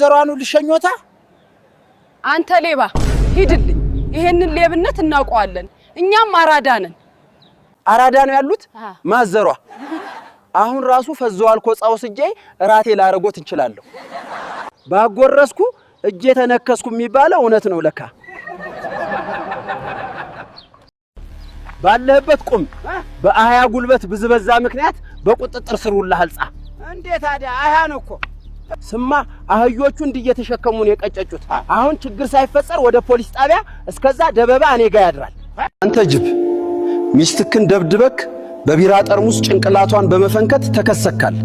ዘሯኑ ልሸኞታ አንተ ሌባ ሂድልኝ። ይሄንን ሌብነት እናውቀዋለን። እኛም አራዳ ነን። አራዳ ነው ያሉት ማዘሯ። አሁን ራሱ ፈዘዋል ኮ ጻውስ እጄ ራቴ ላረጎት እንችላለሁ። ባጎረስኩ እጄ ተነከስኩ የሚባለው እውነት ነው ለካ። ባለህበት ቁም። በአህያ ጉልበት ብዝበዛ ምክንያት በቁጥጥር ስር ውላ ህልጻ እንዴ ታዲያ አህያ ነው እኮ ስማ አህዮቹ እንዲህ እየተሸከሙ ነው የቀጨጩት። አሁን ችግር ሳይፈጠር ወደ ፖሊስ ጣቢያ፣ እስከዛ ደበባ እኔ ጋ ያድራል። አንተ ጅብ ሚስትክን ደብድበክ በቢራ ጠርሙስ ጭንቅላቷን በመፈንከት ተከሰካል።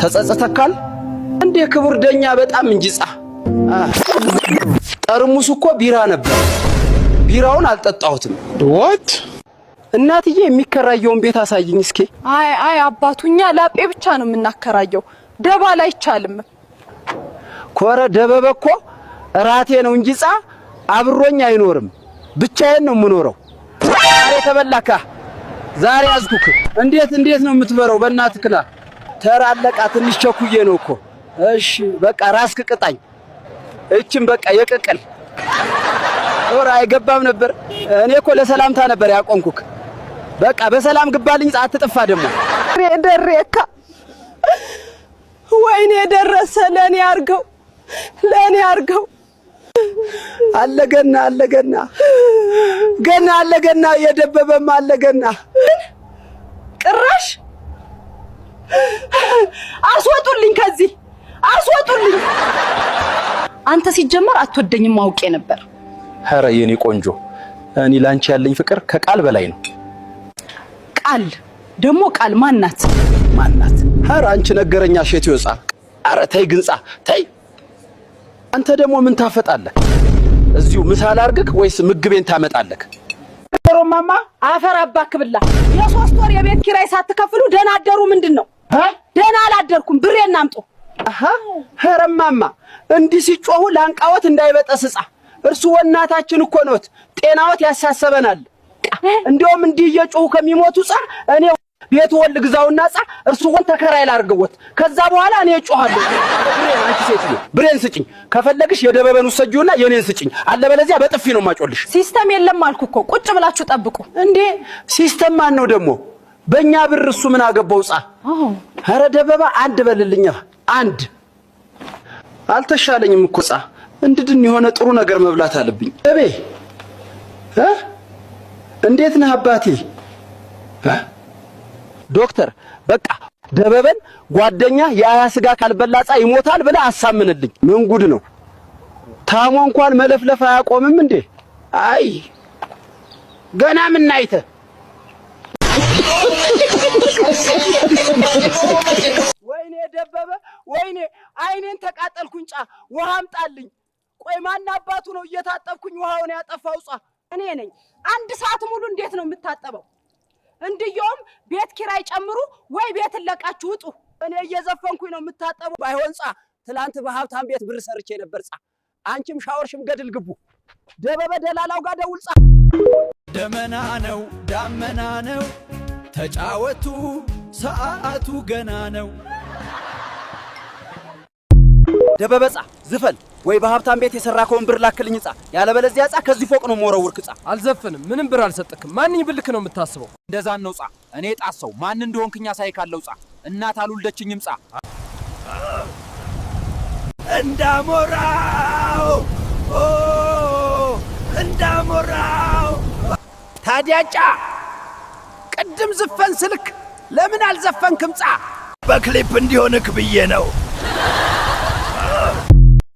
ተጸጸተካል። እንዴ? ክቡር ደኛ በጣም እንጂጻ ጠርሙስ እኮ ቢራ ነበር። ቢራውን አልጠጣሁትም። ወት እናትዬ የሚከራየውን ቤት አሳይኝ እስኪ። አይ አይ አባቱኛ ላጴ ብቻ ነው የምናከራየው። ላይ አይቻልም። ኮረ ደበበ እኮ እራቴ ነው እንጂ ጻ አብሮኝ አይኖርም። ብቻዬን ነው የምኖረው። ዛሬ ተበላካ፣ ዛሬ አዝኩክ። እንዴት እንዴት ነው የምትበረው? ክላ ተራለቃ። ትንሽ ቸኩዬ ነው እኮ። እሺ በቃ ራስክ ቅጣኝ። እችን በቃ የቅቅል ጦር አይገባም ነበር። እኔ እኮ ለሰላምታ ነበር ያቆንኩክ በቃ በሰላም ግባልኝ። ጻት ትጥፋ ደግሞ ደሬካ ወይኔ የደረሰ ለእኔ አርገው ለእኔ አርገው አለገና አለገና ገና አለገና የደበበም አለገና ቅራሽ አስወጡልኝ፣ ከዚህ አስወጡልኝ። አንተ ሲጀመር አትወደኝም አውቄ ነበር። ኧረ የኔ ቆንጆ እኔ ላንቺ ያለኝ ፍቅር ከቃል በላይ ነው። ቃል ደግሞ ቃል ማናት ማናት አረ አንቺ ነገረኛ ሸት ይወጻ አረ ተይ ግንጻ ተይ። አንተ ደግሞ ምን ታፈጣለህ? እዚሁ ምሳ አርግክ ወይስ ምግቤን ታመጣለህ? ሮማማ አፈር አባክብላ የሶስት ወር የቤት ኪራይ ሳትከፍሉ ደህና አደሩ ምንድን ነው? ደህና አላደርኩም ብሬ እናምጡ። አሃ ሄረማማ እንዲህ ሲጮሁ ላንቃወት እንዳይበጠስ ህጻ እርሱ ወናታችን እኮ ነዎት። ጤናዎት ያሳሰበናል። እንደውም እንዲህ እየጮሁ ከሚሞቱ ጻ እኔ ቤትዎን ግዛውና ጻ እርስዎን ተከራይ ላርገውት ከዛ በኋላ እኔ እጮሃለሁ። ብሬን አንቺ ሴትዮ ብሬን ስጭኝ፣ ከፈለግሽ የደበበን ውሰጂውና የኔን ስጭኝ፣ አለበለዚያ በጥፊ ነው ማጮልሽ። ሲስተም የለም አልኩ እኮ ቁጭ ብላችሁ ጠብቁ። እንዴ ሲስተም ማን ነው ደግሞ? በእኛ ብር እሱ ምን አገባው? ጻ ኧረ ደበባ አንድ በልልኛ አንድ አልተሻለኝም እኮ ጻ እንድድን የሆነ ጥሩ ነገር መብላት አለብኝ። እቤ እንዴት ነህ አባቴ? ዶክተር በቃ ደበበን ጓደኛ የአያ ስጋ ካልበላጻ ይሞታል ብለህ አሳምንልኝ። ምን ጉድ ነው? ታሞ እንኳን መለፍለፍ አያቆምም እንዴ? አይ ገና ምን አይተ ወይኔ ደበበ፣ ወይኔ አይኔን ተቃጠልኩኝ። ጫ ውሃ አምጣልኝ። ቆይ ማን አባቱ ነው እየታጠብኩኝ ውሃውን ያጠፋው? ጻ እኔ ነኝ። አንድ ሰዓት ሙሉ እንዴት ነው የምታጠበው? እንድየውም ቤት ኪራይ ጨምሩ ወይ ቤትን ለቃችሁ ውጡ። እኔ እየዘፈንኩኝ ነው የምታጠቡ። ባይሆን ጻ ትላንት በሀብታም ቤት ብር ሰርቼ ነበር። ጻ አንቺም ሻወርሽም ገድል ግቡ። ደበበ ደላላው ጋር ደውል። ጻ ደመና ነው ዳመና ነው ተጫወቱ፣ ሰዓቱ ገና ነው። ደበበ ጻ ዝፈን ወይ በሀብታም ቤት የሰራ ብር ላክልኝ እጻ፣ ያለበለዚያ እጻ ከዚህ ፎቅ ነው መወረውርክ። እጻ አልዘፍንም፣ ምንም ብር አልሰጥክም። ማንኝ ብልክ ነው የምታስበው? እንደዛን ነው እጻ። እኔ ጣሰው ሰው ማን እንደሆንክኛ ሳይካለው ካለው እናት አልወለደችኝም እጻ። እንዳሞራው እንዳሞራው ታዲያጫ ቅድም ዝፈን ስልክ ለምን አልዘፈንክም? ጻ በክሊፕ እንዲሆንክ ብዬ ነው።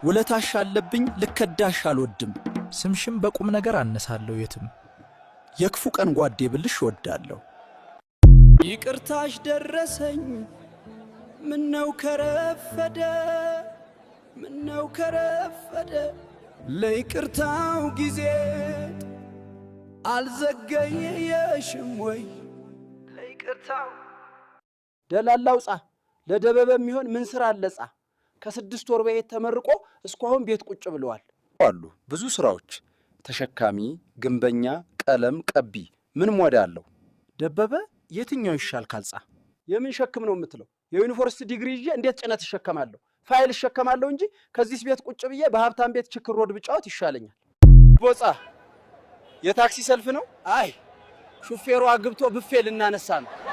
ውለታሽ አለብኝ፣ ልከዳሽ አልወድም። ስምሽም በቁም ነገር አነሳለሁ የትም የክፉ ቀን ጓዴ ብልሽ እወዳለሁ። ይቅርታሽ ደረሰኝ ምነው ከረፈደ ምነው ከረፈደ ለይቅርታው ጊዜ አልዘገየሽም ወይ ለይቅርታው ደላላው ጻ ለደበበ የሚሆን ምን ስራ አለ ጻ ከስድስት ወር በፊት ተመርቆ እስካሁን ቤት ቁጭ ብለዋል አሉ። ብዙ ስራዎች ተሸካሚ፣ ግንበኛ፣ ቀለም ቀቢ ምን ሞዳ አለው። ደበበ የትኛው ይሻል ካልጻ የምን ሸክም ነው የምትለው? የዩኒቨርሲቲ ዲግሪ ይዤ እንዴት ጭነት እሸከማለሁ? ፋይል እሸከማለሁ እንጂ ከዚህ ቤት ቁጭ ብዬ በሀብታም ቤት ችክር ሮድ ብጫወት ይሻለኛል። ቦጻ የታክሲ ሰልፍ ነው። አይ ሹፌሯ ግብቶ ብፌ ልናነሳ ነው።